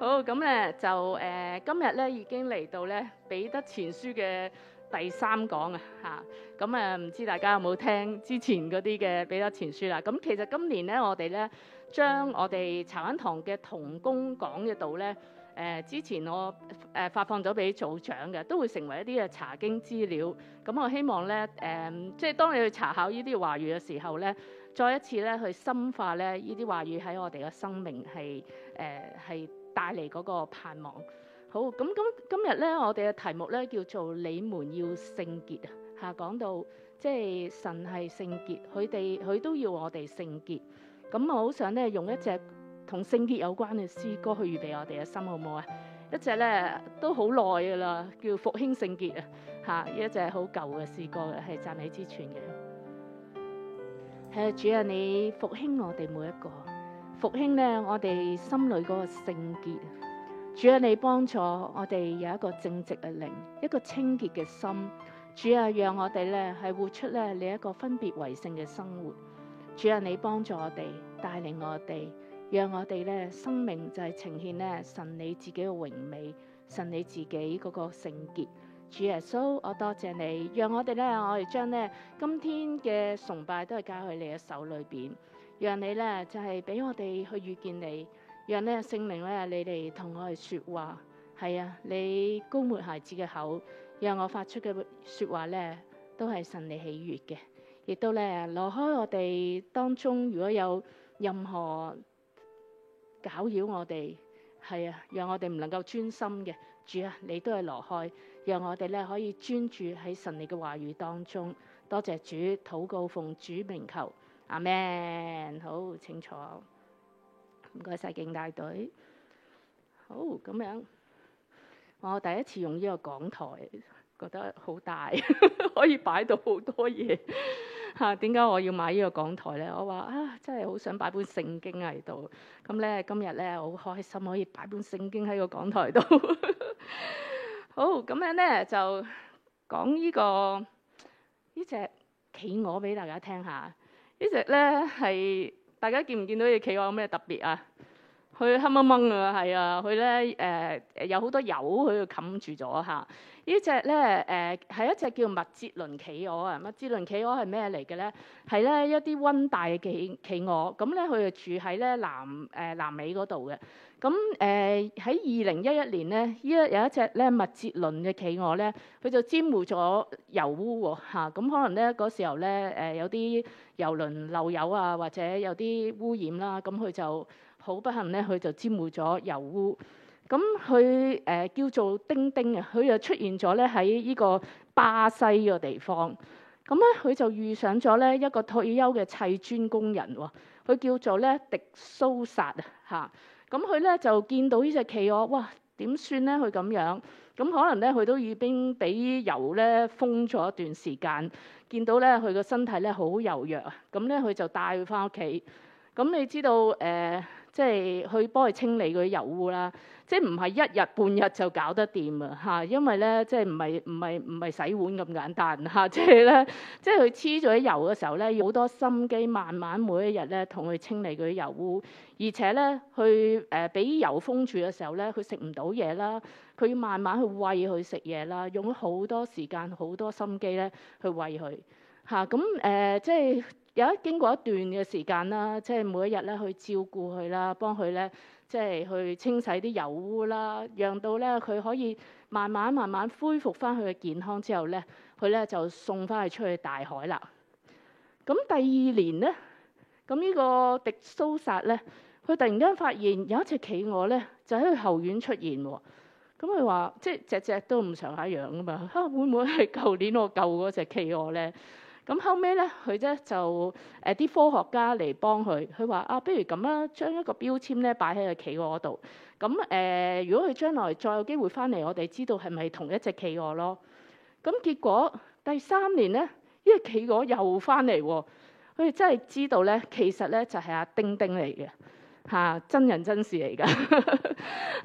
好，咁咧，就誒、呃、今日咧，已經嚟到咧彼得前書嘅第三講啊。嚇，咁啊唔知大家有冇聽之前嗰啲嘅彼得前書啦？咁、啊、其實今年咧，我哋咧將我哋柴灣堂嘅同工講嘅道咧，誒之前我誒發放咗俾組長嘅，都會成為一啲嘅查經資料。咁我希望咧誒、呃、即係當你去查考呢啲話語嘅時候咧，再一次咧去深化咧呢啲話語喺我哋嘅生命係誒係。呃帶嚟嗰個盼望。好咁，今今日咧，我哋嘅題目咧叫做你們要聖潔啊！嚇，講到即係神係聖潔，佢哋佢都要我哋聖潔。咁我好想咧用一隻同聖潔有關嘅詩歌去預備我哋嘅心，好唔好啊？一隻咧都好耐噶啦，叫復興聖潔啊！嚇，一隻好舊嘅詩歌嘅，係讚美之泉嘅。係啊，主啊，你復興我哋每一個。復興呢，我哋心裏嗰個聖潔，主啊，你幫助我哋有一個正直嘅靈，一個清潔嘅心，主啊，讓我哋呢係活出呢你一個分別為聖嘅生活。主啊，你幫助我哋，帶領我哋，讓我哋呢生命就係呈現呢神你自己嘅榮美，神你自己嗰個聖潔。主耶穌，我多謝你，讓我哋咧，我哋將咧今天嘅崇拜都係交喺你嘅手裏邊。讓你呢，就係俾我哋去遇見你，讓呢聖靈呢，你哋同我哋說話，是啊，你膏抹孩子嘅口，讓我發出嘅說話呢，都係神你喜悅嘅，亦都呢，挪開我哋當中如果有任何攪擾我哋，是啊，讓我哋唔能夠專心嘅，主啊，你都係挪開，讓我哋呢可以專注喺神你嘅話語當中，多謝主禱告奉主名求。阿們好清楚，唔該曬警大隊。好，咁樣，我第一次用呢個講台，覺得好大，可以擺到好多嘢嚇。點解我要買呢個講台咧？我話啊，真係好想擺本聖經喺度。咁咧，今日咧，我好開心可以擺本聖經喺個講台度。好，咁樣咧，就講呢個呢隻企鵝俾大家聽下。這隻，呢隻咧，係大家見唔見到隻企鵝有咩特別啊？佢黑掹掹啊，係、呃、啊，佢咧誒有好多油喺度冚住咗嚇。呢隻咧誒係一隻叫麥哲倫企鵝啊。麥哲倫企鵝係咩嚟嘅咧？係咧一啲溫帶嘅企企鵝，咁咧佢就住喺咧南誒、呃、南美嗰度嘅。咁誒喺二零一一年咧，依一有一隻咧麥哲倫嘅企鵝咧，佢就沾污咗油污喎、哦、咁、啊、可能咧嗰時候咧誒、呃、有啲油輪漏油啊，或者有啲污染啦。咁佢就好不幸咧，佢就沾污咗油污。咁佢誒叫做丁丁啊，佢又出現咗咧喺呢個巴西個地方。咁咧佢就遇上咗咧一個退休嘅砌磚工人喎，佢、啊、叫做咧迪蘇薩嚇。啊。咁佢咧就見到呢隻企鵝，哇！點算咧？佢咁樣，咁可能咧佢都已經俾油咧封咗一段時間，見到咧佢個身體咧好柔弱啊，咁咧佢就帶佢返屋企。咁你知道誒？呃即係去幫佢清理嗰啲油污啦，即係唔係一日半日就搞得掂啊嚇！因為咧，即係唔係唔係唔係洗碗咁簡單嚇，即係咧，即係佢黐咗啲油嘅時候咧，要好多心機，慢慢每一日咧同佢清理嗰啲油污，而且咧，佢誒俾油封住嘅時候咧，佢食唔到嘢啦，佢要慢慢去餵佢食嘢啦，用咗好多時間好多心機咧去餵佢嚇，咁誒、呃、即係。有一經過一段嘅時間啦，即係每一日咧去照顧佢啦，幫佢咧即係去清洗啲油污啦，讓到咧佢可以慢慢慢慢恢復翻佢嘅健康之後咧，佢咧就送翻去出去大海啦。咁第二年咧，咁、這、呢個迪蘇薩咧，佢突然間發現有一隻企鵝咧，就喺佢後院出現喎。咁佢話即係隻隻都唔上下樣啊嘛，嚇會唔會係舊年我救嗰隻企鵝咧？咁後尾咧，佢咧就誒啲科學家嚟幫佢，佢話啊，不如咁啦，將一個標籤咧擺喺個企鵝嗰度。咁誒，如果佢將來再有機會翻嚟，我哋知道係咪同一隻企鵝咯？咁結果第三年咧，呢、這個企鵝又翻嚟喎，佢哋真係知道咧，其實咧就係阿丁丁嚟嘅。嚇，真人真事嚟噶，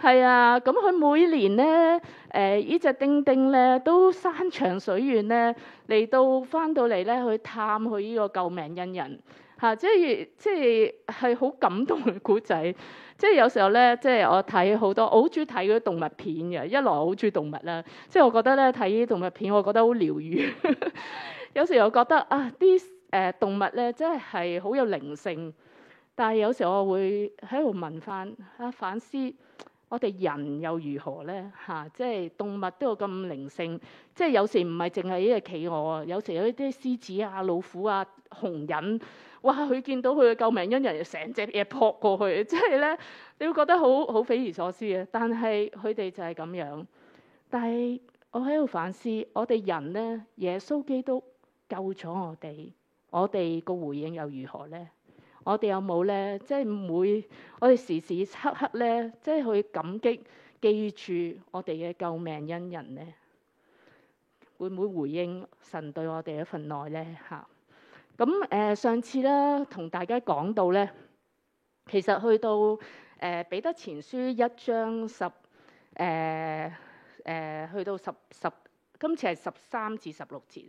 係啊，咁佢每年咧，誒、呃、呢隻丁丁咧都山長水遠咧，嚟到返到嚟咧去探佢呢個救命恩人嚇，啊，即係即係係好感動嘅故仔，即係有時候咧，即係我睇好多，我好中意睇嗰啲動物片嘅，一來我好中意動物啦，即係我覺得咧睇呢啲動物片，我覺得好療愈， 有時我覺得啊啲誒、呃、動物咧真係係好有靈性。但係有時我會喺度問翻啊反思，我哋人又如何咧？嚇、啊，即係動物都有咁靈性，即係有時唔係淨係一隻企鵝啊，有時有啲獅子啊、老虎啊、熊人。哇！佢見到佢嘅救命恩人，成隻嘢撲過去，即係咧，你會覺得好好匪夷所思啊。但係佢哋就係咁樣。但係我喺度反思，我哋人咧，耶穌基督救咗我哋，我哋個回應又如何咧？我哋有冇咧？即、就、係、是、每我哋時時刻刻咧，即、就、係、是、去感激記住我哋嘅救命恩人咧。會唔會回應神對我哋嘅一份愛咧？嚇！咁、呃、誒上次咧同大家講到咧，其實去到誒彼得前書一章十誒誒、呃呃、去到十十今次係十三至十六節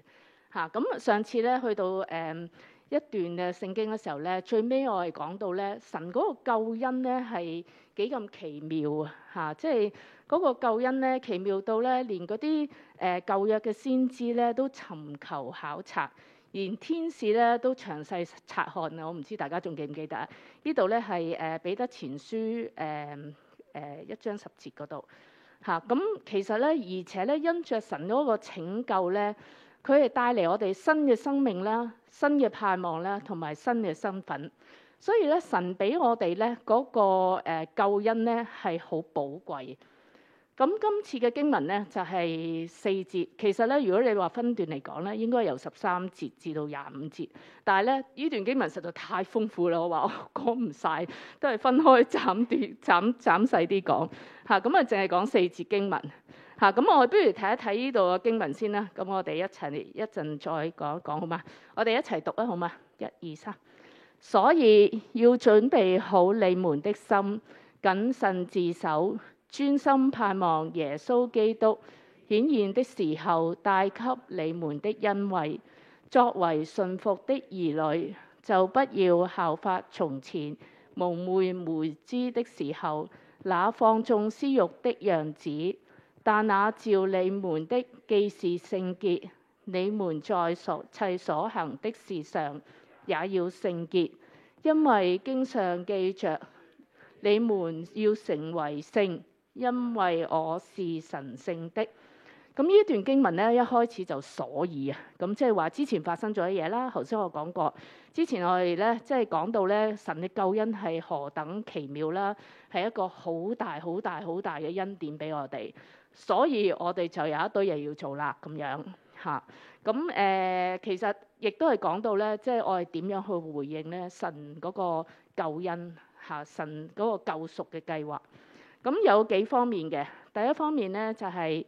嚇。咁、啊、上次咧去到誒。呃一段嘅聖經嘅時候咧，最尾我係講到咧，神嗰個救恩咧係幾咁奇妙啊！嚇，即係嗰個救恩咧，奇妙到咧，連嗰啲誒舊約嘅先知咧都尋求考察，連天使咧都詳細察看啊！我唔知大家仲記唔記得？啊？呢度咧係誒彼得前書誒誒一章十節嗰度嚇。咁其實咧，而且咧，因着神嗰個拯救咧。佢係帶嚟我哋新嘅生命啦，新嘅盼望啦，同埋新嘅身份。所以咧，神俾我哋咧嗰個救恩咧係好寶貴的。咁今次嘅經文咧就係、是、四節。其實咧，如果你話分段嚟講咧，應該由十三節至到廿五節。但係咧，呢段經文實在太豐富啦，我話我講唔晒，都係分開斬斷、斬斬細啲講吓。咁啊，淨係講四節經文。嚇、啊、咁，我不如睇一睇呢度嘅經文先啦。咁我哋一陣一陣再講一講好嘛？我哋一齊讀啊，好嘛？一、二、三。所以要準備好你們的心，謹慎自守，專心盼望耶穌基督顯現的時候帶給你們的恩惠。作為信服的兒女，就不要效法從前蒙昧無知的時候那放縱私欲的樣子。但那照你們的既是聖潔，你們在所砌所行的事上也要聖潔，因為經常記着你們要成為聖，因為我是神聖的。咁呢段經文咧，一開始就所以啊，咁即係話之前發生咗嘢啦。頭先我講過，之前我哋咧即係講到咧神嘅救恩係何等奇妙啦，係一個好大好大好大嘅恩典俾我哋。所以我哋就有一堆嘢要做啦，咁樣嚇。咁誒，呃，其實亦都係講到咧，即係我哋點樣去回應咧神嗰個救恩嚇，神嗰個救贖嘅計劃。咁有幾方面嘅，第一方面咧就係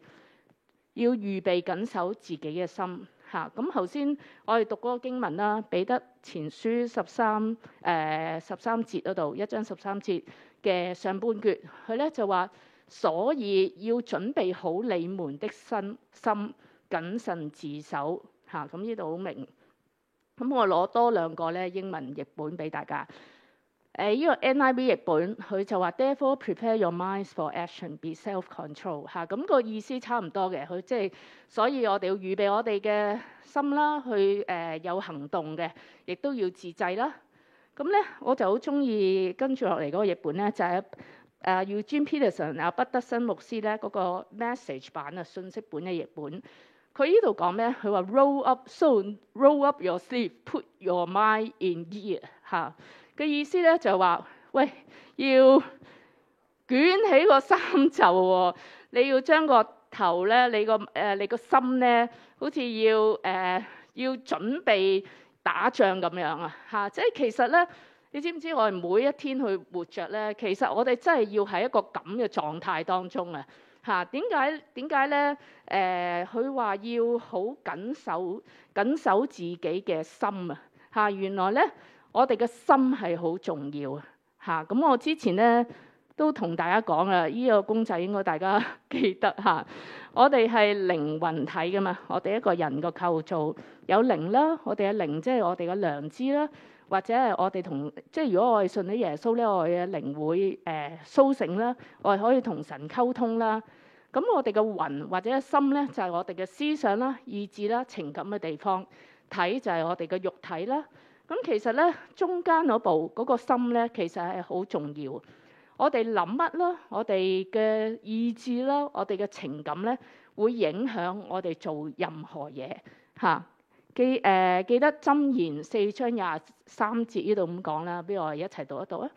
要預備緊守自己嘅心嚇。咁頭先我哋讀嗰個經文啦，《彼得前書》十三誒十三節嗰度一章十三節嘅上半橛，佢咧就話。所以要準備好你們的心，心謹慎自守嚇。咁呢度好明。咁我攞多兩個咧英文譯本俾大家。誒、啊，依、這個 NIV 譯本佢就話：Therefore prepare your minds for action, be self-control、啊。嚇，咁個意思差唔多嘅。佢即係，所以我哋要預備我哋嘅心啦，去誒、呃、有行動嘅，亦都要自制啦。咁咧，我就好鍾意跟住落嚟嗰個譯本咧，就係、是。誒要 Eugene Peterson 啊，彼得森牧師咧嗰、那個 message 版啊，信息本嘅譯本，佢呢度講咩？佢話 roll up soon，roll up your sleeve，put your mind in gear、啊。嚇，嘅意思咧就係、是、話，喂，要捲起個衫袖喎，你要將個頭咧，你個誒、呃，你個心咧，好似要誒、呃、要準備打仗咁樣啊！嚇，即係其實咧。你知唔知我哋每一天去活着咧？其實我哋真係要喺一個咁嘅狀態當中啊！嚇，點解點解咧？誒，佢話要好緊守緊守自己嘅心啊！嚇，原來咧我哋嘅心係好重要啊！嚇，咁，我之前咧都同大家講啦，呢個公仔應該大家記得嚇。我哋係靈魂體㗎嘛，我哋一個人個構造有靈啦，我哋嘅靈即係我哋嘅良知啦，或者係我哋同即係如果我哋信咗耶穌呢，我嘅靈會誒、呃、甦醒啦，我哋可以同神溝通啦。咁我哋嘅魂或者心呢，就係我哋嘅思想啦、意志啦、情感嘅地方。體就係我哋嘅肉體啦。咁其實呢，中間嗰部嗰個心呢，其實係好重要。我哋諗乜咯？我哋嘅意志啦，我哋嘅情感咧，會影響我哋做任何嘢嚇、啊。記誒、呃、記得箴言四章廿三節呢度咁講啦，俾我哋一齊讀一讀啊！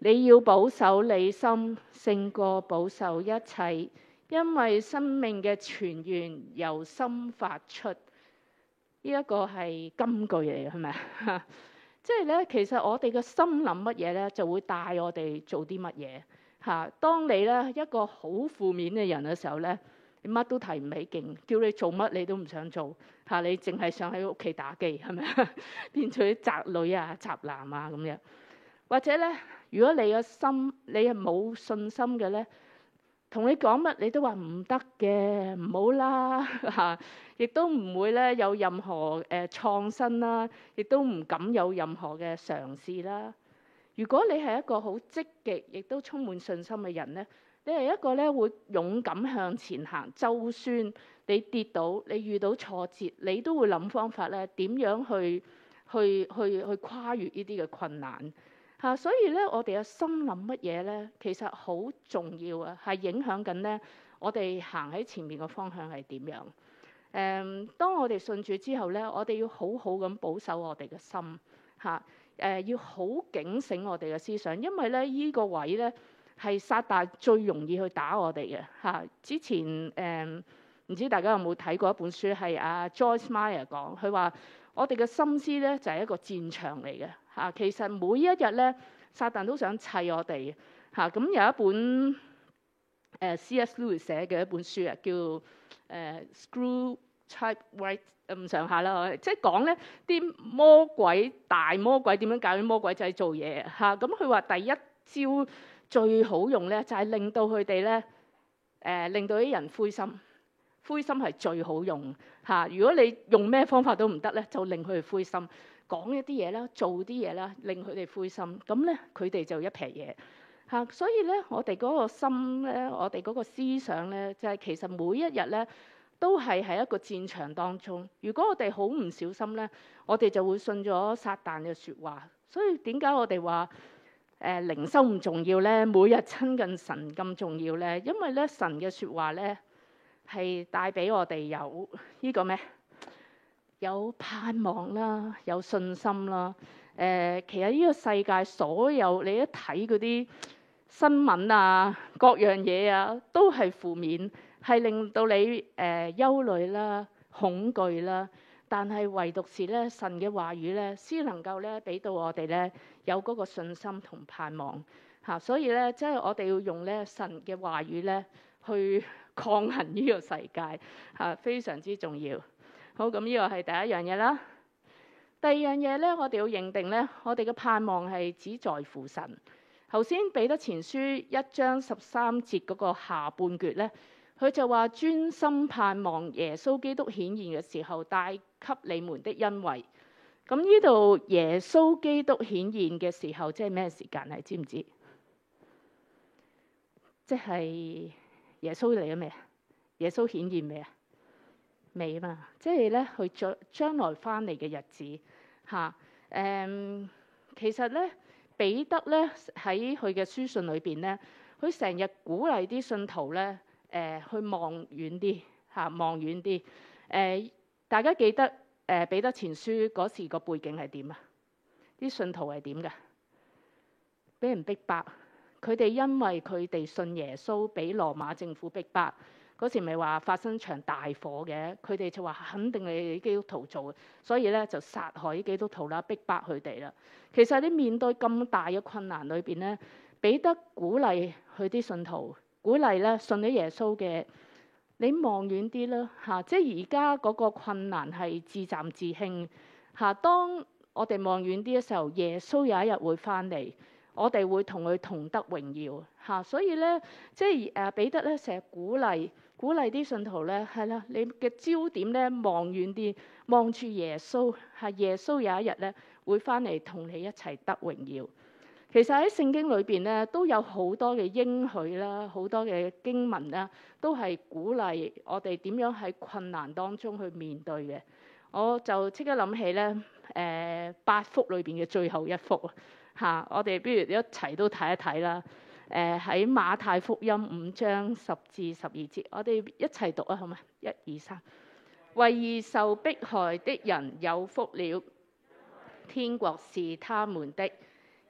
你要保守你心勝過保守一切，因為生命嘅泉源由心發出。呢、這、一個係金句嚟嘅，係咪啊？即係咧，其實我哋嘅心諗乜嘢咧，就會帶我哋做啲乜嘢嚇。當你咧一個好負面嘅人嘅時候咧，你乜都提唔起勁，叫你做乜你都唔想做嚇，啊，你淨係想喺屋企打機係咪啊？ 變咗啲宅女啊、宅男啊咁樣。或者咧，如果你嘅心你係冇信心嘅咧。同你講乜，你都話唔得嘅，唔好啦嚇，亦都唔會咧有任何誒創新啦，亦都唔敢有任何嘅嘗試啦。如果你係一個好積極，亦都充滿信心嘅人咧，你係一個咧會勇敢向前行，就算你跌倒，你遇到挫折，你都會諗方法咧，點樣去去去去跨越呢啲嘅困難。啊、所以咧，我哋嘅心諗乜嘢咧，其實好重要啊，係影響緊咧我哋行喺前面嘅方向係點樣。誒、嗯，當我哋信主之後咧，我哋要好好咁保守我哋嘅心，啊啊、要好警醒我哋嘅思想，因為咧呢、呢個位咧係撒但最容易去打我哋嘅、啊、之前唔、嗯、知大家有冇睇過一本書係阿、啊、Joyce Meyer 講，佢話我哋嘅心思咧就係、是、一個戰場嚟嘅。嚇，其實每一日咧，撒旦都想砌我哋嚇。咁有一本誒、呃、C.S. Lewis 寫嘅一本書啊，叫誒、呃、Screw Type Write 咁、呃、上下啦，即係講咧啲魔鬼、大魔鬼點樣教啲魔鬼仔、就是、做嘢嚇。咁佢話第一招最好用咧，就係、是、令到佢哋咧誒，令到啲人灰心，灰心係最好用嚇、啊。如果你用咩方法都唔得咧，就令佢哋灰心，講一啲嘢啦，做啲嘢啦，令佢哋灰心。咁咧，佢哋就一撇嘢嚇。所以咧，我哋嗰個心咧，我哋嗰個思想咧，就係、是、其實每一日咧，都係喺一個戰場當中。如果我哋好唔小心咧，我哋就會信咗撒旦嘅説話。所以點解我哋話誒靈修唔重要咧？每日親近神咁重要咧？因為咧，神嘅説話咧，係帶俾我哋有呢個咩？有盼望啦，有信心啦。誒、呃，其實呢個世界所有你一睇嗰啲新聞啊，各樣嘢啊，都係負面，係令到你誒、呃、憂慮啦、恐懼啦。但係唯獨是咧，神嘅話語咧，先能夠咧，俾到我哋咧有嗰個信心同盼望嚇、啊。所以咧，即、就、係、是、我哋要用咧神嘅話語咧，去抗衡呢個世界嚇、啊，非常之重要。好咁，呢個係第一樣嘢啦。第二樣嘢呢，我哋要認定呢，我哋嘅盼望係只在乎神。頭先彼得前書，一章十三節嗰個下半句呢，佢就話，專心盼望耶穌基督顯現嘅時候，帶給你們的恩惠。咁呢度耶穌基督顯現嘅時候，即係咩時間？你知唔知？即係耶穌嚟咗未啊？耶穌顯現未啊？美嘛，即係咧，佢將將來翻嚟嘅日子嚇。誒、啊嗯，其實咧，彼得咧喺佢嘅書信裏邊咧，佢成日鼓勵啲信徒咧，誒、呃，去望遠啲嚇，望遠啲。誒、啊，大家記得誒、呃，彼得前書嗰時個背景係點啊？啲信徒係點㗎？俾人逼迫，佢哋因為佢哋信耶穌，俾羅馬政府逼迫。嗰時咪話發生場大火嘅，佢哋就話肯定係基督徒做嘅，所以咧就殺害基督徒啦，逼迫佢哋啦。其實你面對咁大嘅困難裏邊咧，彼得鼓勵佢啲信徒，鼓勵咧信咗耶穌嘅，你望遠啲啦嚇，即係而家嗰個困難係自暫自興嚇。當我哋望遠啲嘅時候，耶穌有一日會翻嚟，我哋會他同佢同得榮耀嚇。所以咧即係誒彼得咧成日鼓勵。鼓勵啲信徒咧，係啦，你嘅焦點咧望遠啲，望住耶穌，係耶穌有一日咧會翻嚟同你一齊得榮耀。其實喺聖經裏邊咧都有好多嘅應許啦，好多嘅經文啦，都係鼓勵我哋點樣喺困難當中去面對嘅。我就即刻諗起咧，誒、呃、八幅裏邊嘅最後一幅啊，嚇！我哋不如一齊都睇一睇啦。誒喺馬太福音五章十至十二節，我哋一齊讀啊，好嗎？一、二、三，為義受迫害的人有福了，天國是他們的。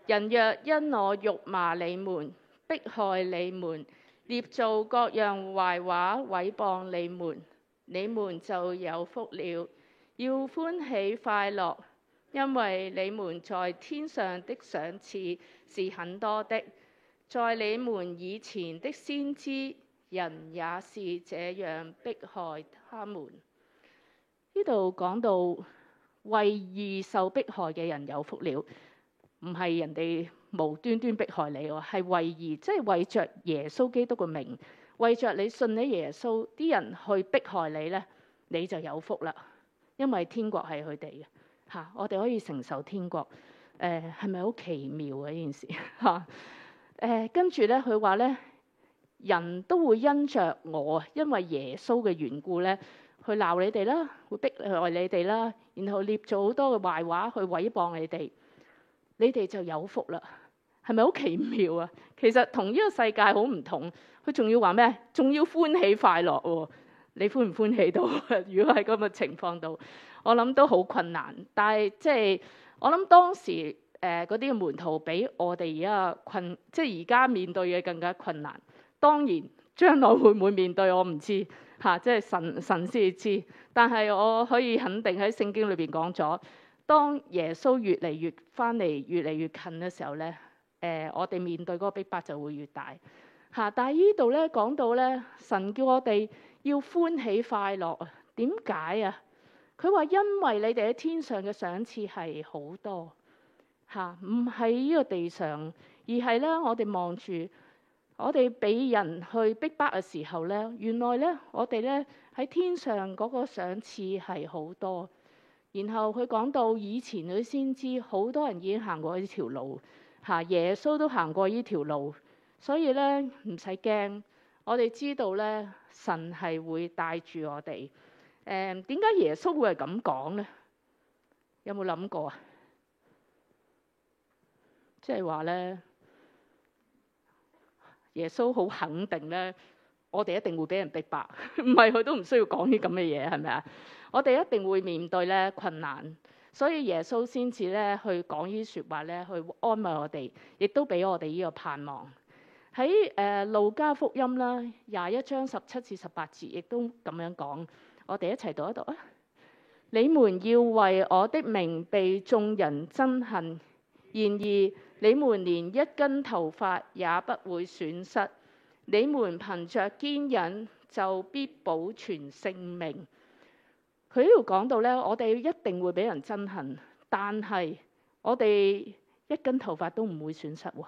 人若因我辱罵你們、迫害你們、捏造各樣壞話、毀謗你們，你們就有福了，要歡喜快樂，因為你們在天上的賞賜是很多的。在你們以前的先知人也是這樣迫害他們。呢度講到為義受迫害嘅人有福了，唔係人哋無端端迫害你喎，係為義，即係為着耶穌基督嘅名，為着你信你耶穌，啲人去迫害你呢，你就有福啦，因為天國係佢哋嘅嚇，我哋可以承受天國。誒，係咪好奇妙啊？呢件事嚇？呃、跟住咧，佢話咧，人都會因着我，因為耶穌嘅緣故咧，去鬧你哋啦，會逼害你哋啦，然後捏咗好多嘅壞話去毀謗你哋，你哋就有福啦。係咪好奇妙啊？其實同呢個世界好唔同。佢仲要話咩？仲要歡喜快樂喎、哦？你歡唔歡喜到？如果喺咁嘅情況度，我諗都好困難。但係即係我諗當時。誒、呃，嗰啲門徒比我哋而家困，即係而家面對嘅更加困難。當然將來會唔會面對，我唔知，吓、啊，即係神神先至知。但係我可以肯定喺聖經裏邊講咗，當耶穌越嚟越翻嚟、越嚟越近嘅時候咧，誒、呃，我哋面對嗰個逼迫就會越大。吓、啊，但係呢度咧講到咧，神叫我哋要歡喜快樂，點解啊？佢話因為你哋喺天上嘅賞賜係好多。吓，唔喺呢個地上，而係咧我哋望住，我哋俾人去逼迫嘅時候咧，原來咧我哋咧喺天上嗰個賞賜係好多。然後佢講到以前佢先知，好多人已經行過呢條路，吓，耶穌都行過呢條路，所以咧唔使驚，我哋知道咧神係會帶住我哋。誒，點解耶穌會係咁講咧？有冇諗過啊？即係話咧，耶穌好肯定咧，我哋一定會俾人逼迫， 唔係佢都唔需要講啲咁嘅嘢，係咪啊？我哋一定會面對咧困難，所以耶穌先至咧去講呢啲說話咧，去安慰我哋，亦都俾我哋呢個盼望。喺誒路加福音啦廿一章十七至十八節，亦都咁樣講。我哋一齊讀一讀啊！你們要為我的名被眾人憎恨，然而。你們連一根頭髮也不會損失，你們憑著堅忍就必保存性命。佢呢度講到咧，我哋一定會俾人憎恨，但係我哋一根頭髮都唔會損失喎。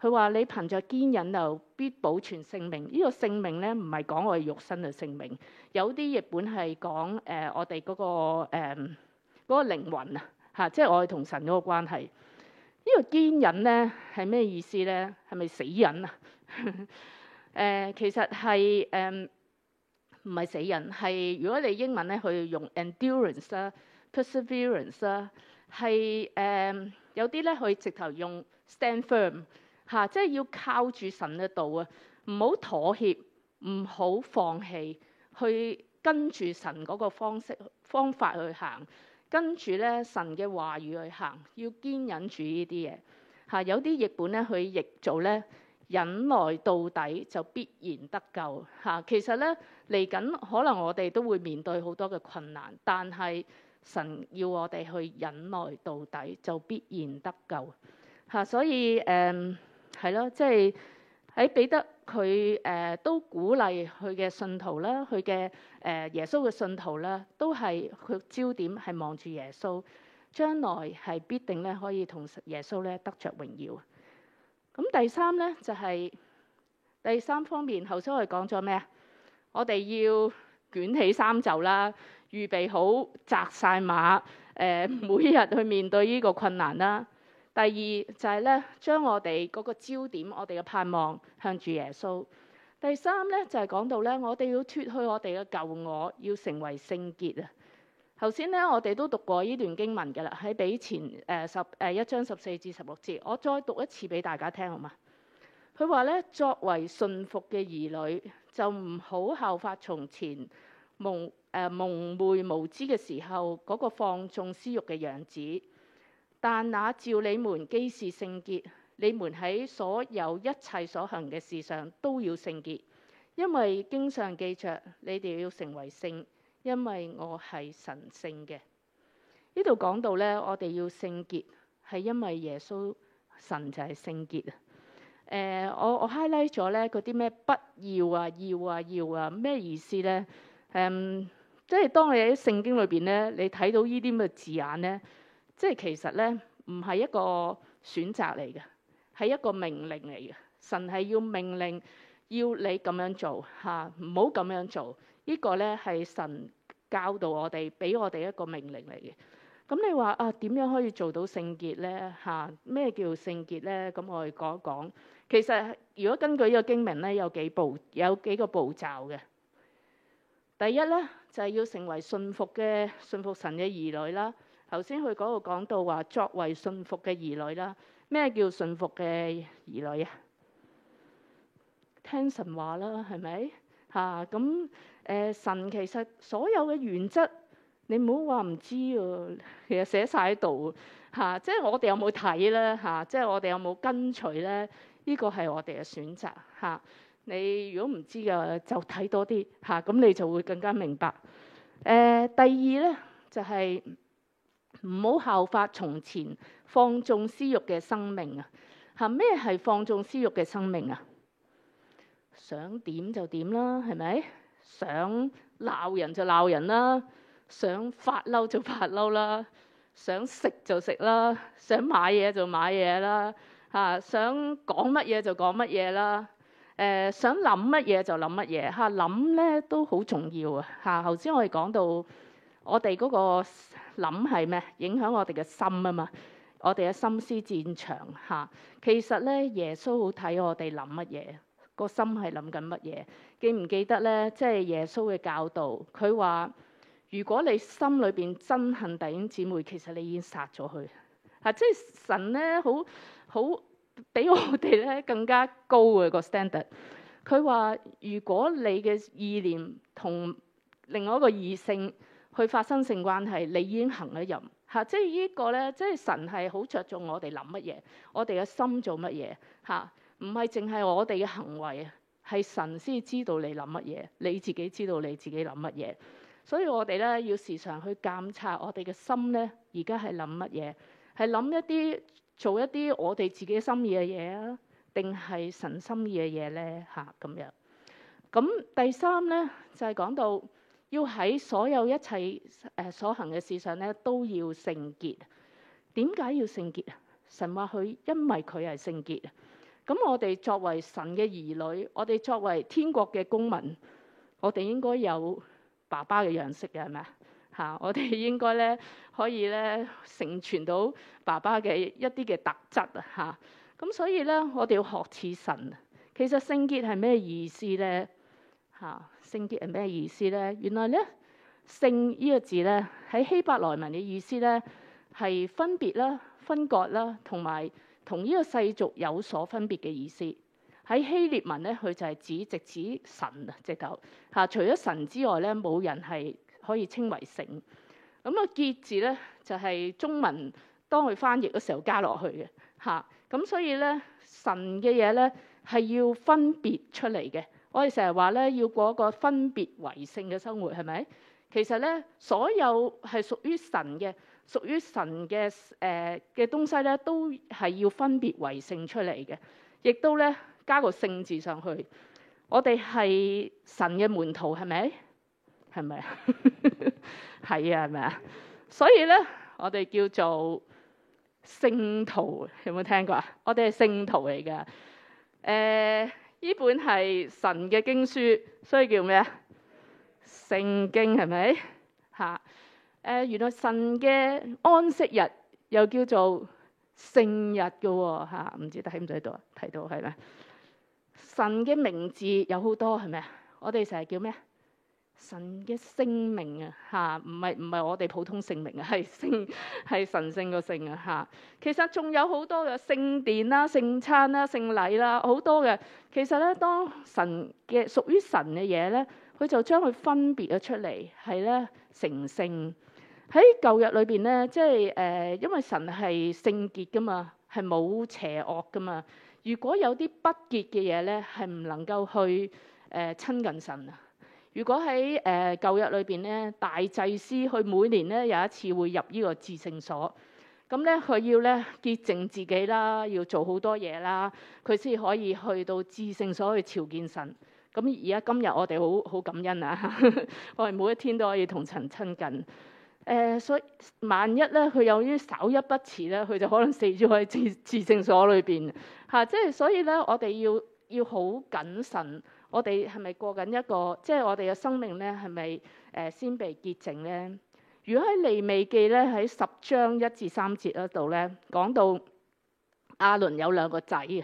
佢話你憑著堅忍就必保存性命。呢個性命咧唔係講我哋肉身嘅性命，有啲譯本係講誒我哋嗰個誒嗰個靈魂啊，嚇，即係我哋同神嗰個關係。這個、人呢個堅忍咧係咩意思咧？係咪死忍啊？誒、 呃，其實係誒，唔、呃、係死忍，係如果你英文咧佢用 endurance 啦 perseverance 啦，係、呃、誒有啲咧佢直頭用 stand firm 嚇、啊，即係要靠住神嘅道啊，唔好妥協，唔好放棄，去跟住神嗰個方式方法去行。跟住咧，神嘅話語去行，要堅忍住呢啲嘢嚇。有啲譯本咧，佢譯做咧，忍耐到底就必然得救嚇、啊。其實咧，嚟緊可能我哋都會面對好多嘅困難，但係神要我哋去忍耐到底，就必然得救嚇、啊。所以誒，係、嗯、咯，即係喺、哎、彼得。佢誒、呃、都鼓勵佢嘅信徒啦，佢嘅誒耶穌嘅信徒啦，都係佢焦點係望住耶穌，將來係必定咧可以同耶穌咧得着榮耀。咁第三咧就係、是、第三方面，頭先我哋講咗咩啊？我哋要捲起衫袖啦，預備好紮晒馬誒、呃，每日去面對呢個困難啦。第二就係、是、咧，將我哋嗰個焦點，我哋嘅盼望向住耶穌。第三咧就係、是、講到咧，我哋要脫去我哋嘅舊我，要成為聖潔啊！頭先咧我哋都讀過呢段經文嘅啦，喺彼前誒、呃、十誒、呃、一章十四至十六節，我再讀一次俾大家聽，好嗎？佢話咧，作為信服嘅兒女，就唔好效法從前蒙誒、呃、蒙昧無知嘅時候嗰、那個放縱私欲嘅樣子。但那照你們既是聖潔，你們喺所有一切所行嘅事上都要聖潔，因為經上記着：「你哋要成為聖，因為我係神聖嘅。」呢度講到呢，我哋要聖潔係因為耶穌神就係聖潔啊、呃。我我 highlight 咗呢嗰啲咩不要啊，要啊，要啊，咩意思呢？嗯、即係當你喺聖經裏邊呢，你睇到呢啲咁嘅字眼呢？即係其實咧，唔係一個選擇嚟嘅，係一個命令嚟嘅。神係要命令要你咁樣做吓，唔好咁樣做。啊，這樣做這個、呢個咧係神教導我哋，俾我哋一個命令嚟嘅。咁、嗯、你話啊，點樣可以做到聖潔咧？吓、啊、咩叫聖潔咧？咁、嗯、我哋講一講。其實如果根據呢個經文咧，有幾步有幾個步驟嘅。第一咧就係、是、要成為信服嘅信服神嘅兒女啦。頭先佢嗰度講到話，作為信服嘅兒女啦，咩叫信服嘅兒女啊？聽神話啦，係咪吓？咁、啊？誒、呃、神其實所有嘅原則，你唔好話唔知啊。其實寫晒喺度吓？即係我哋有冇睇咧吓？即係我哋有冇跟隨咧？呢、這個係我哋嘅選擇吓、啊？你如果唔知嘅，就睇多啲吓？咁、啊、你就會更加明白。誒、啊、第二咧就係、是。唔好效法從前放縱私欲嘅生命啊！嚇咩係放縱私欲嘅生命啊？想點就點啦，係咪？想鬧人就鬧人啦，想發嬲就發嬲啦，想食就食啦，想買嘢就買嘢啦，嚇想講乜嘢就講乜嘢啦。誒、呃、想諗乜嘢就諗乜嘢，嚇諗咧都好重要啊！嚇頭先我哋講到。我哋嗰個諗係咩？影響我哋嘅心啊嘛！我哋嘅心思戰場嚇，其實咧，耶穌好睇我哋諗乜嘢，個心係諗緊乜嘢。記唔記得咧？即係耶穌嘅教導，佢話：如果你心裏邊憎恨弟兄姊妹，其實你已經殺咗佢嚇。即係神咧，好好俾我哋咧更加高嘅個 standard。佢話：如果你嘅意念同另外一個異性去發生性關係，你已經行咗淫嚇，啊，即係呢個咧，即係神係好着重我哋諗乜嘢，我哋嘅心做乜嘢嚇，唔係淨係我哋嘅行為，係神先知道你諗乜嘢，你自己知道你自己諗乜嘢，所以我哋咧要時常去監察我哋嘅心咧，而家係諗乜嘢，係諗一啲做一啲我哋自己心意嘅嘢啊，定係神心意嘅嘢咧嚇咁樣。咁第三咧就係、係、講到。要喺所有一切誒所行嘅事上咧，都要聖潔。點解要聖潔啊？神話佢，因為佢係聖潔。咁我哋作為神嘅兒女，我哋作為天國嘅公民，我哋應該有爸爸嘅樣式嘅，係咪啊？嚇！我哋應該咧可以咧承傳到爸爸嘅一啲嘅特質啊！嚇！咁所以咧，我哋要學似神。其實聖潔係咩意思咧？嚇！聖潔係咩意思咧？原來咧，聖呢個字咧，喺希伯來文嘅意思咧，係分別啦、分割啦，同埋同呢個世俗有所分別嘅意思。喺希臘文咧，佢就係指直指神直啊，直頭嚇。除咗神之外咧，冇人係可以稱為聖。咁、嗯、啊，潔字咧就係、是、中文當佢翻譯嘅時候加落去嘅嚇。咁、啊、所以咧，神嘅嘢咧係要分別出嚟嘅。我哋成日話咧，要過一個分別為聖嘅生活，係咪？其實咧，所有係屬於神嘅、屬於神嘅誒嘅東西咧，都係要分別為聖出嚟嘅，亦都咧加個聖字上去。我哋係神嘅門徒，係咪？係咪啊？係 啊，係咪啊？所以咧，我哋叫做聖徒，有冇聽過啊？我哋係聖徒嚟噶，誒、呃。呢本係神嘅經書，所以叫咩啊？聖經，係咪？吓，誒、呃，原來神嘅安息日又叫做聖日嘅喎、哦，吓，唔知得喺唔喺度提到，係咪？神嘅名字有好多，係咪啊？我哋成日叫咩？神嘅聖名啊，吓，唔係唔係我哋普通姓名啊，係聖，係神聖個聖啊，吓，其實仲有好多嘅聖殿啦、聖餐啦、聖禮啦，好多嘅。其實咧，當神嘅屬於神嘅嘢咧，佢就將佢分別咗出嚟，係咧成聖。喺舊約裏邊咧，即係誒、呃，因為神係聖潔噶嘛，係冇邪惡噶嘛。如果有啲不潔嘅嘢咧，係唔能夠去誒親、呃、近神啊。如果喺誒舊日裏邊咧，大祭司佢每年咧有一次會入呢個至聖所，咁咧佢要咧潔淨自己啦，要做好多嘢啦，佢先可以去到至聖所去朝見神。咁而家今日我哋好好感恩啊，呵呵我哋每一天都可以同神親近。誒、呃，所以萬一咧，佢有於稍一不慎咧，佢就可能死咗喺至至聖所裏邊嚇。即係所以咧，我哋要要好謹慎。我哋係咪過緊一個，即係我哋嘅生命咧，係咪誒先被潔淨咧？如果喺利未記咧喺十章一至三節嗰度咧，講到亞倫有兩個仔啊，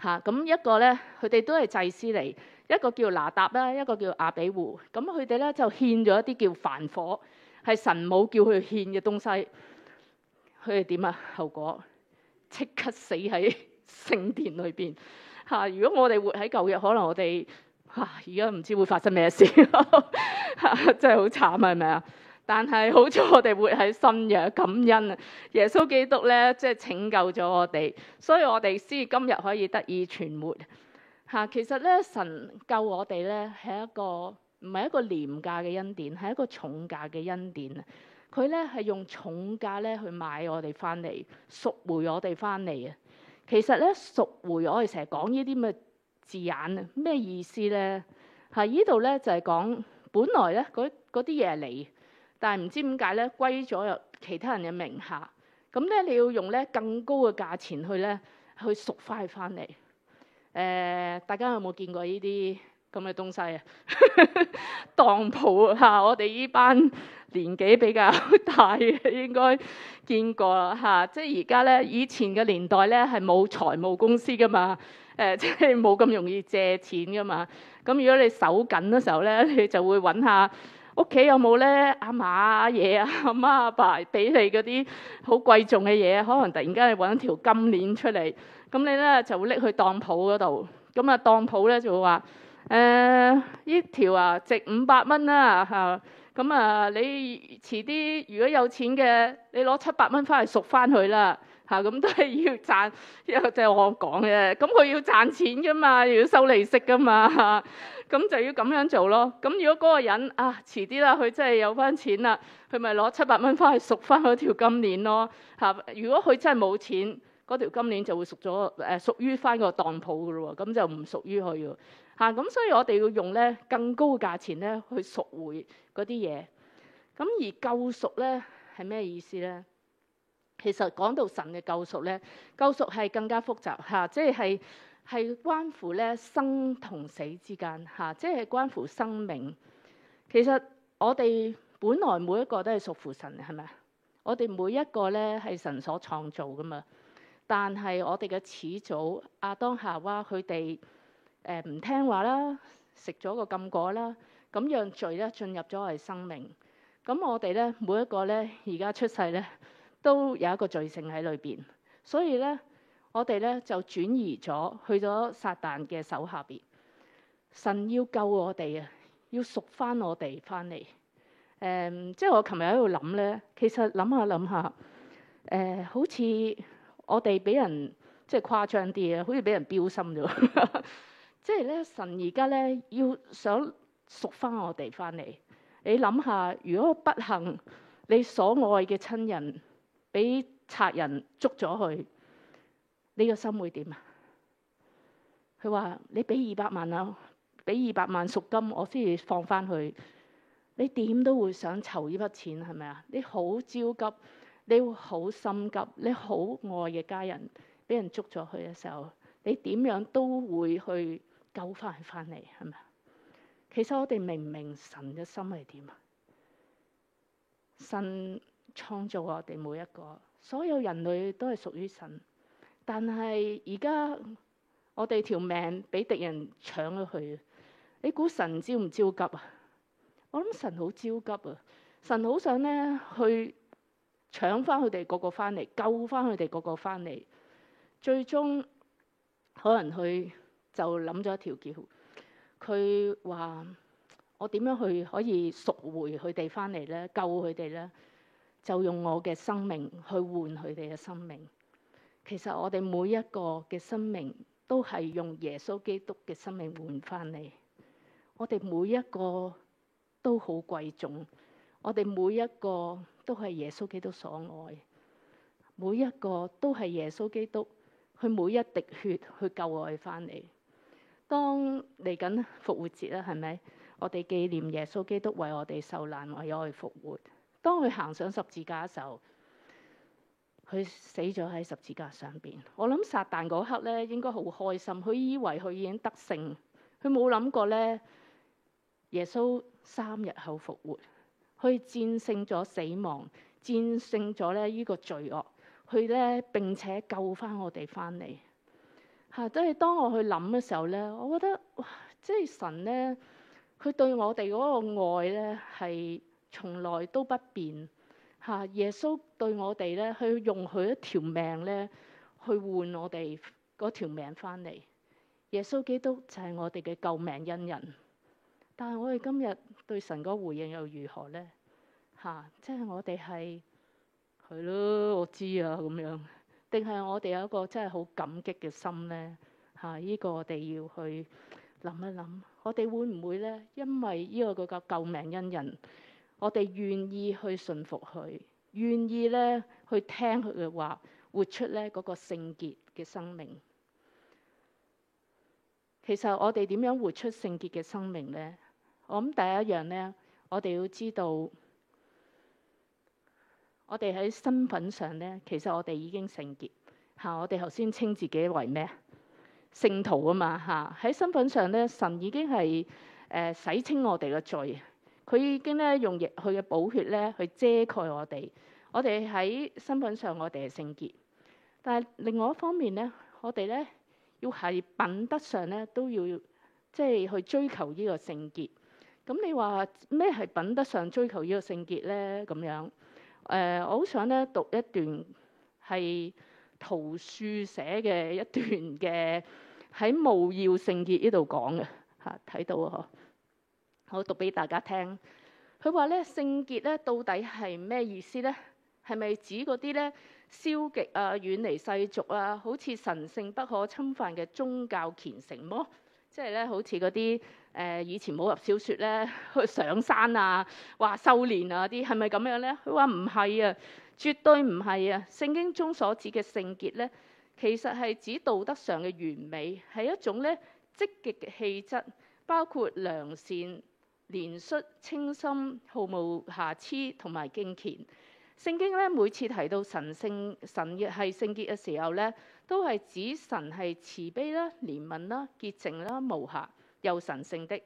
嚇咁一個咧，佢哋都係祭司嚟，一個叫拿答啦，一個叫亞比戶。咁佢哋咧就獻咗一啲叫凡火，係神冇叫佢獻嘅東西，佢哋點啊？後果即刻死喺聖殿裏邊。嚇、啊！如果我哋活喺舊日，可能我哋嚇而家唔知會發生咩事，真係好慘係咪啊？但係好在我哋活喺新約，感恩啊！耶穌基督咧即係拯救咗我哋，所以我哋先今日可以得以存活。嚇、啊！其實咧，神救我哋咧係一個唔係一個廉價嘅恩典，係一個重價嘅恩典啊！佢咧係用重價咧去買我哋翻嚟，贖回我哋翻嚟啊！其實咧，贖回我哋成日講呢啲咁嘅字眼什麼啊，咩意思咧？喺呢度咧就係講，本來咧嗰啲嘢嚟，但係唔知點解咧歸咗其他人嘅名下，咁咧你要用咧更高嘅價錢去咧去贖返翻嚟。誒、呃，大家有冇見過呢啲？咁嘅東西啊， 當鋪嚇！我哋呢班年紀比較大嘅應該見過啦嚇。即係而家咧，以前嘅年代咧係冇財務公司噶嘛，誒、呃、即係冇咁容易借錢噶嘛。咁如果你手緊嘅時候咧，你就會揾下屋企有冇咧阿嫲阿爺啊阿媽阿爸俾你嗰啲好貴重嘅嘢，可能突然間你揾條金鏈出嚟，咁你咧就會拎去當鋪嗰度，咁啊當鋪咧就會話。誒、呃、呢條啊值五百蚊啦嚇，咁啊，啊你遲啲如果有錢嘅，你攞七百蚊翻去，贖翻佢啦嚇，咁都係要賺，即係我講嘅，咁佢要賺錢噶嘛，要收利息噶嘛嚇，咁、啊、就要咁樣做咯。咁如果嗰個人啊遲啲啦，佢真係有翻錢啦，佢咪攞七百蚊翻去，贖翻嗰條金鏈咯嚇、啊。如果佢真係冇錢。嗰條金鏈就會屬咗誒，屬、呃、於翻個當鋪噶咯喎，咁就唔屬於佢喎嚇。咁、啊、所以我哋要用咧更高嘅價錢咧去贖回嗰啲嘢。咁、啊、而救贖咧係咩意思咧？其實講到神嘅救贖咧，救贖係更加複雜嚇、啊，即係係關乎咧生同死之間嚇、啊，即係關乎生命。其實我哋本來每一個都係屬乎神嘅，係咪啊？我哋每一個咧係神所創造噶嘛。但係，我哋嘅始祖亞當夏娃，佢哋誒唔聽話啦，食咗個禁果啦，咁樣罪咧進入咗我哋生命。咁我哋咧每一個咧而家出世咧，都有一個罪性喺裏邊。所以咧，我哋咧就轉移咗去咗撒旦嘅手下邊。神要救我哋啊，要贖翻我哋翻嚟誒。即係我琴日喺度諗咧，其實諗下諗下誒，好似。我哋俾人即係誇張啲啊，好似俾人標心咗。即係咧，神而家咧要想贖翻我哋翻嚟。你諗下，如果不幸你所愛嘅親人俾賊人捉咗去，你個心會點啊？佢話：你俾二百萬啊，俾二百萬贖金，我先至放翻去。你點都會想籌呢筆錢係咪啊？你好焦急。你會好心急，你好愛嘅家人俾人捉咗去嘅時候，你點樣都會去救翻佢翻嚟，係咪？其實我哋明唔明神嘅心係點啊？神創造我哋每一個，所有人類都係屬於神，但係而家我哋條命俾敵人搶咗去，你估神焦唔焦急啊？我諗神好焦急啊，神好想呢去。搶翻佢哋個個翻嚟，救翻佢哋個個翻嚟，最終可能佢就諗咗一條橋。佢話我點樣去可以贖回佢哋翻嚟呢，救佢哋呢？就用我嘅生命去換佢哋嘅生命。其實我哋每一個嘅生命都係用耶穌基督嘅生命換翻嚟。我哋每一個都好貴重。我哋每一個。都係耶穌基督所愛，每一個都係耶穌基督，佢每一滴血去救愛翻你。當嚟緊復活節啦，係咪？我哋紀念耶穌基督為我哋受難，為我哋去復活。當佢行上十字架嘅時候，佢死咗喺十字架上邊。我諗撒旦嗰刻咧，應該好開心，佢以為佢已經得勝，佢冇諗過咧，耶穌三日後復活。去戰勝咗死亡，戰勝咗咧依個罪惡，佢咧並且救翻我哋翻嚟。嚇！即係當我去諗嘅時候咧，我覺得即係神咧，佢對我哋嗰個愛咧係從來都不變。嚇、啊！耶穌對我哋咧，去用佢一條命咧去換我哋嗰條命翻嚟。耶穌基督就係我哋嘅救命恩人。但係我哋今日對神個回應又如何呢？吓、啊，即係我哋係係咯，我知啊咁樣。定係我哋有一個真係好感激嘅心呢？吓、啊，呢、這個我哋要去諗一諗。我哋會唔會呢？因為呢個個救命恩人，我哋願意去順服佢，願意呢去聽佢嘅話，活出呢嗰個聖潔嘅生命。其實我哋點樣活出聖潔嘅生命呢？我諗第一樣咧，我哋要知道，我哋喺身份上咧，其實我哋已經聖潔嚇。我哋頭先稱自己為咩啊？聖徒啊嘛嚇。喺身份上咧，神已經係誒洗清我哋嘅罪，佢已經咧用佢嘅寶血咧去遮蓋我哋。我哋喺身份上，我哋係聖潔。但係另外一方面咧，我哋咧要係品德上咧都要即係去追求呢個聖潔。咁你話咩係品德上追求呢個聖潔咧？咁樣誒、呃，我好想咧讀一段係圖書寫嘅一段嘅喺務要聖潔呢度講嘅嚇，睇、啊、到啊！我讀俾大家聽。佢話咧，聖潔咧到底係咩意思咧？係咪指嗰啲咧消極啊、遠離世俗啊、好似神聖不可侵犯嘅宗教虔誠麼、啊？即係咧，好似嗰啲，誒以前武俠小説咧去上山啊，話修煉啊啲係咪咁樣呢？佢話唔係啊，絕對唔係啊。聖經中所指嘅聖潔呢，其實係指道德上嘅完美，係一種咧積極嘅氣質，包括良善、憐恤、清心、毫無瑕疵同埋敬虔。聖經咧每次提到神聖，神係聖潔嘅時候咧，都係指神係慈悲啦、憐憫啦、潔淨啦、無瑕。有神性的，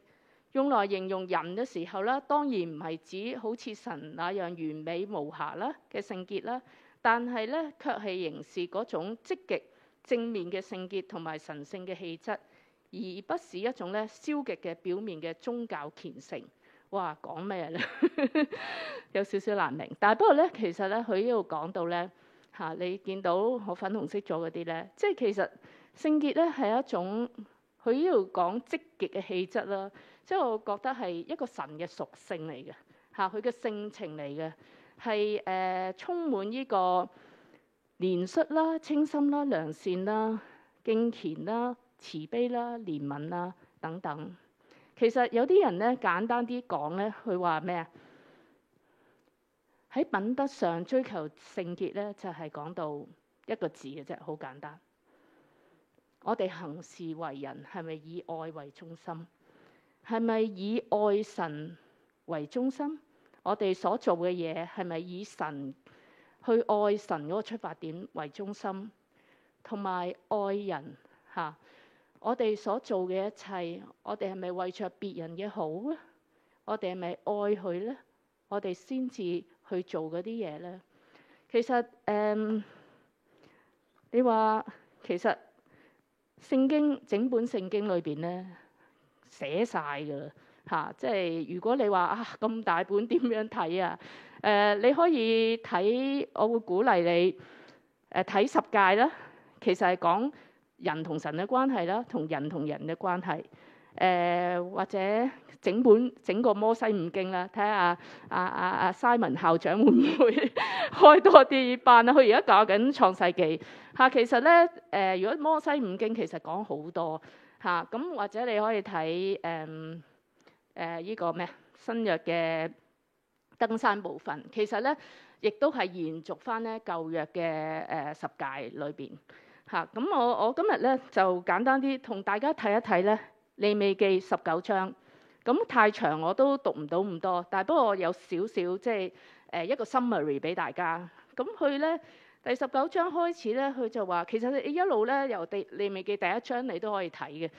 用來形容人嘅時候咧，當然唔係指好似神那樣完美無瑕啦嘅聖潔啦，但係咧卻係形容嗰種積極正面嘅聖潔同埋神性嘅氣質，而不是一種咧消極嘅表面嘅宗教虔誠。哇，講咩咧？ 有少少難明。但係不過咧，其實咧佢呢度講到咧嚇、啊，你見到我粉紅色咗嗰啲咧，即係其實聖潔咧係一種。佢呢度講積極嘅氣質啦，即係我覺得係一個神嘅屬性嚟嘅嚇，佢嘅性情嚟嘅，係誒、呃、充滿呢個憐恤啦、清心啦、良善啦、敬虔啦、慈悲啦、憐憫啦等等。其實有啲人咧簡單啲講咧，佢話咩啊？喺品德上追求聖潔咧，就係講到一個字嘅啫，好簡單。我哋行事為人係咪以愛為中心？係咪以愛神為中心？我哋所做嘅嘢係咪以神去愛神嗰個出發點為中心？同埋愛人吓、啊，我哋所做嘅一切，我哋係咪為着別人嘅好咧？我哋係咪愛佢呢？我哋先至去做嗰啲嘢呢？其實誒、嗯，你話其實。聖經整本聖經裏邊咧寫晒㗎啦嚇，即係如果你話啊咁大本點樣睇啊？誒、呃，你可以睇，我會鼓勵你誒睇、呃、十誡啦。其實係講人同神嘅關係啦，同人同人嘅關係。誒或者整本整個摩西五經啦，睇下阿阿阿阿 Simon 校長會唔會開多啲班啦？佢而家教緊創世紀嚇，其實咧誒，如果摩西五經其實講好多嚇，咁或者你可以睇誒誒依個咩新約嘅登山部分，其實咧亦都係延續翻咧舊約嘅誒十戒裏邊嚇。咁我我今日咧就簡單啲同大家睇一睇咧。利未記十九章，咁太長我都讀唔到咁多，但係不過我有少少即係誒一個 summary 俾大家。咁佢咧第十九章開始咧，佢就話其實你一路咧由第利未記第一章你都可以睇嘅。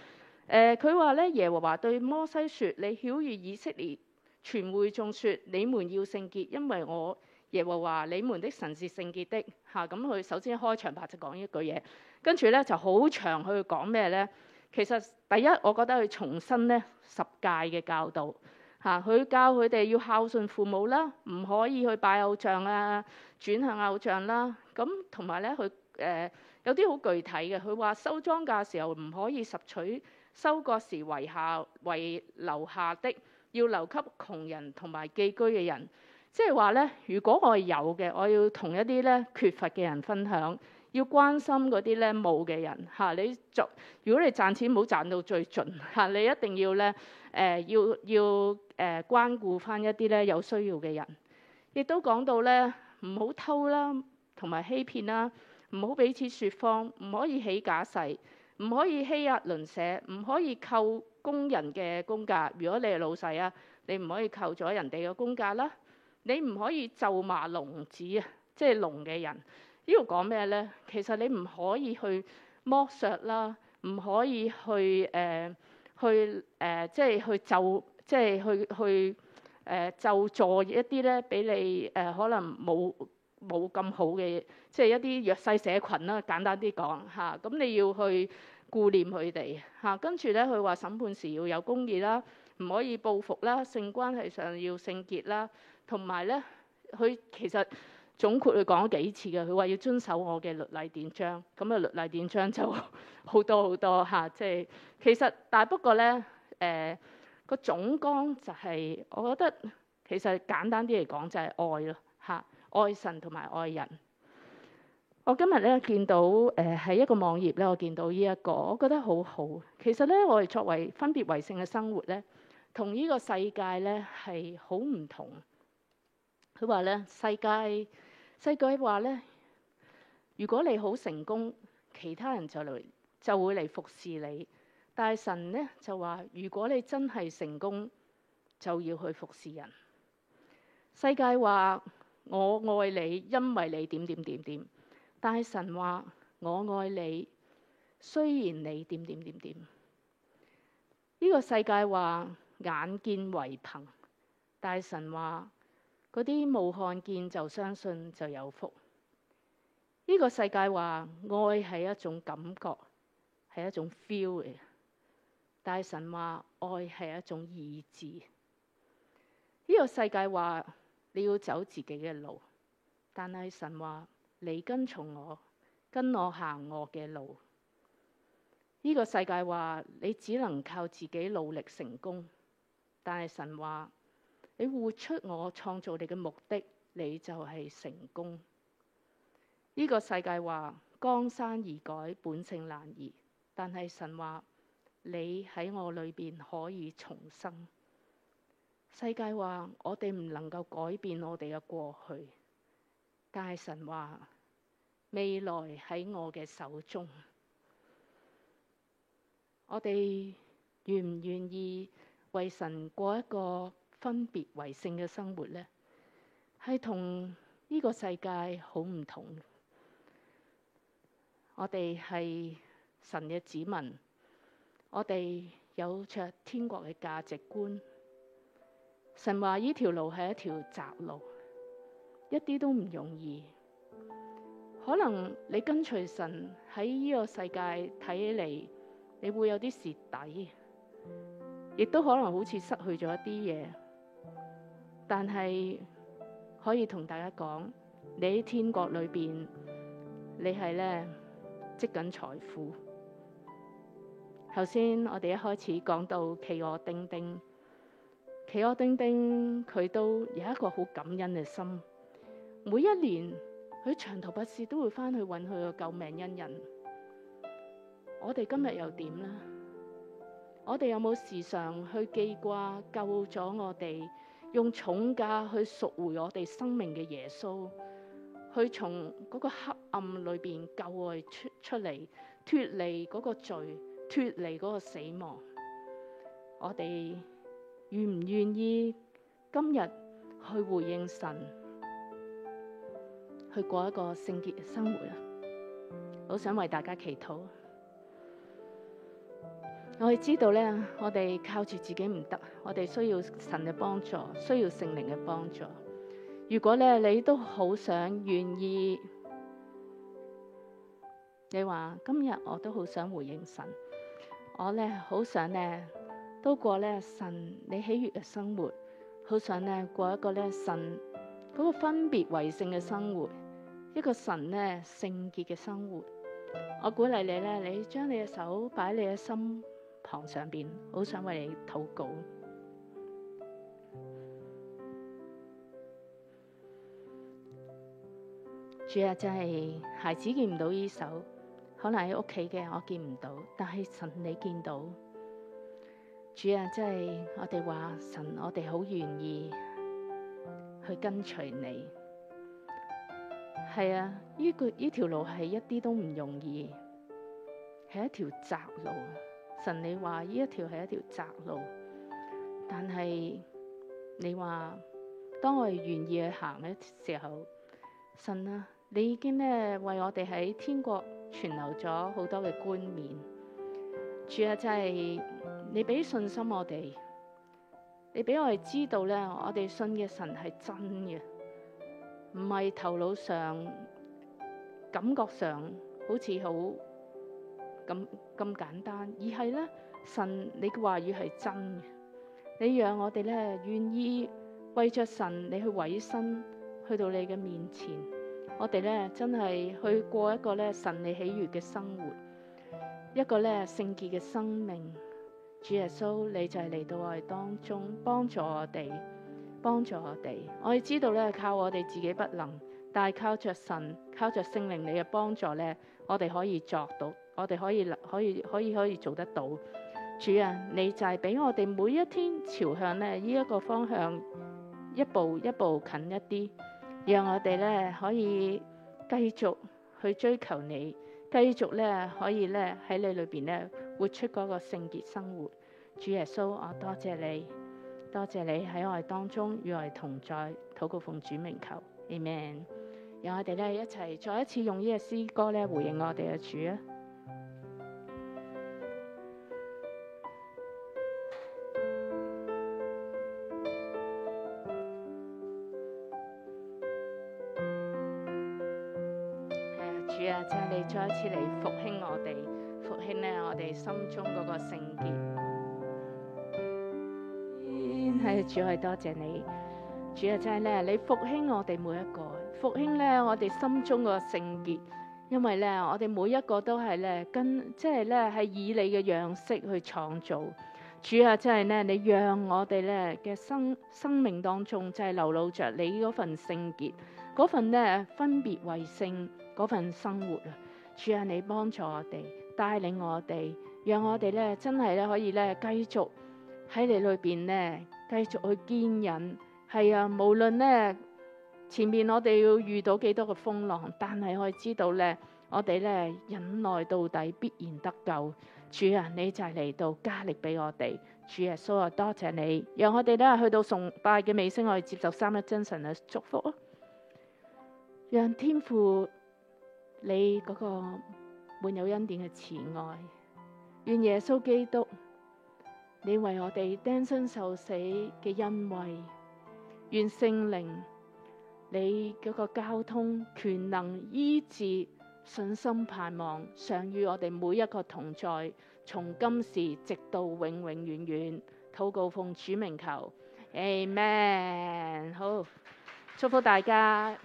誒佢話咧耶和華對摩西説：你曉喻以色列全會眾説，你們要聖潔，因為我耶和華你們的神是聖潔的。嚇、啊！咁佢首先開場白就講一句嘢，跟住咧就好長去講咩咧？其實。第一，我覺得佢重申咧十誡嘅教導，嚇佢教佢哋要孝順父母啦，唔可以去拜偶像啊，轉向偶像啦。咁同埋咧，佢誒有啲好、呃、具體嘅，佢話收莊稼時候唔可以拾取收割時遺下遺留下的，要留給窮人同埋寄居嘅人。即係話咧，如果我有嘅，我要同一啲咧缺乏嘅人分享。要關心嗰啲咧冇嘅人嚇，你賺如果你賺錢唔好賺到最盡嚇，你一定要咧誒要要誒關顧返一啲咧有需要嘅人，亦都講到咧唔好偷啦，同埋欺騙啦，唔好彼此説謊，唔可以起假誓，唔可以欺壓鄰舍，唔可以扣工人嘅工價。如果你係老細啊，你唔可以扣咗人哋嘅工價啦，你唔可以咒罵聾子啊，即係聾嘅人。呢度講咩咧？其實你唔可以去剝削啦，唔可以去誒去誒，即係去就即係去去誒救助一啲咧，俾你誒可能冇冇咁好嘅，即係一啲弱勢社群啦。簡單啲講嚇，咁你要去顧念佢哋嚇。跟住咧，佢話審判時要有公義啦，唔可以報復啦，性關係上要聖潔啦，同埋咧，佢其實。總括佢講咗幾次嘅，佢話要遵守我嘅律例典章，咁啊律例典章就好多好多嚇，即、啊、係、就是、其實，但係不過咧，誒、呃、個總綱就係、是、我覺得其實簡單啲嚟講就係愛咯嚇、啊，愛神同埋愛人。我今日咧見到誒喺、呃、一個網頁咧，我見到呢、這、一個，我覺得好好。其實咧，我哋作為分別為性嘅生活咧，同呢個世界咧係好唔同。佢話咧，世界。世界話呢，如果你好成功，其他人就嚟就會嚟服侍你。大神呢就話，如果你真係成功，就要去服侍人。世界話我愛你，因為你點點點點。大神話我愛你，雖然你點點點點。呢個世界話眼見為憑，大神話。嗰啲冇看見就相信就有福。呢個世界話愛係一種感覺，係一種 feel 嘅。但係神話愛係一種意志。呢個世界話你要走自己嘅路，但係神話你跟從我，跟我行我嘅路。呢個世界話你只能靠自己努力成功，但係神話。你活出我創造你嘅目的，你就係成功。呢個世界話江山易改，本性難移，但係神話你喺我裏面可以重生。世界話我哋唔能夠改變我哋嘅過去，但係神話未來喺我嘅手中。我哋願唔願意為神過一個？分別為聖嘅生活呢，係同呢個世界好唔同。我哋係神嘅子民，我哋有着天國嘅價值觀。神話呢條路係一條窄路，一啲都唔容易。可能你跟隨神喺呢個世界睇起嚟，你會有啲蝕底，亦都可能好似失去咗一啲嘢。但係可以同大家講，你喺天國裏邊，你係呢積緊財富。頭先我哋一開始講到企鵝丁丁，企鵝丁丁佢都有一個好感恩嘅心，每一年佢長途跋涉都會返去揾佢個救命恩人。我哋今日又點呢？我哋有冇時常去記掛救咗我哋用重價去贖回我哋生命嘅耶穌，去從嗰個黑暗裏面救我哋出出嚟，脫離嗰個罪，脫離嗰個死亡。我哋願唔願意今日去回應神，去過一個聖潔嘅生活啊！好想為大家祈禱。我哋知道咧，我哋靠住自己唔得，我哋需要神嘅幫助，需要聖靈嘅幫助。如果咧，你都好想願意，你話今日我都好想回應神，我咧好想咧都過咧神你喜悅嘅生活，好想咧過一個咧神嗰個分別為聖嘅生活，一個神咧聖潔嘅生活。我鼓勵你咧，你將你嘅手擺你嘅心。旁上邊好想為你禱告，主啊，真係孩子見唔到呢手，可能喺屋企嘅我見唔到，但係神你見到。主啊，真係我哋話神，我哋好願意去跟隨你。係啊，呢個呢條路係一啲都唔容易，係一條窄路。神，你話呢一條係一條窄路，但係你話當我哋願意去行嘅時候，神啊，你已經咧為我哋喺天國存留咗好多嘅冠冕。主啊，真係你俾信心我哋，你俾我哋知道咧，我哋信嘅神係真嘅，唔係頭腦上、感覺上好似好。咁咁簡單，而係咧，神你嘅話語係真嘅。你讓我哋咧願意為着神你去委身去到你嘅面前，我哋咧真係去過一個咧神你喜悅嘅生活，一個咧聖潔嘅生命。主耶穌，你就係嚟到我哋當中幫助我哋，幫助我哋。我哋知道咧靠我哋自己不能，但係靠着神，靠着聖靈，你嘅幫助咧，我哋可以作到。我哋可以可以可以可以做得到。主啊，你就係俾我哋每一天朝向咧呢一個方向，一步一步近一啲，讓我哋咧可以繼續去追求你，繼續咧可以咧喺你裏邊咧活出嗰個聖潔生活。主耶穌，我多謝你，多謝你喺我哋當中與我哋同在，禱告奉主名求，Amen。讓我哋咧一齊再一次用呢個詩歌咧回應我哋嘅主啊！開始嚟復興我哋，復興咧我哋心中嗰個聖潔。係主，係多謝你。主啊，真係咧，你復興我哋每一個，復興咧我哋心中個聖潔。因為咧，我哋每一個都係咧跟即係咧係以你嘅樣式去創造。主啊，真係咧，你讓我哋咧嘅生生命當中就係流露着你嗰份聖潔，嗰份咧分別為聖嗰份生活啊！主啊，你幫助我哋，帶領我哋，讓我哋咧真係咧可以咧繼續喺你裏邊咧繼續去堅忍。係啊，無論咧前面我哋要遇到幾多個風浪，但係我哋知道咧，我哋咧忍耐到底必然得救。主啊，你就嚟到加力俾我哋。主耶穌啊，多謝你，讓我哋咧去到崇拜嘅尾聲，我哋接受三一真神嘅祝福啊！讓天父。你嗰個滿有恩典嘅慈愛，願耶穌基督，你為我哋釘身受死嘅恩惠，願聖靈，你嗰個交通權能醫治信心盼望，常與我哋每一個同在，從今時直到永永遠遠。禱告奉主名求，Amen。好，祝福大家。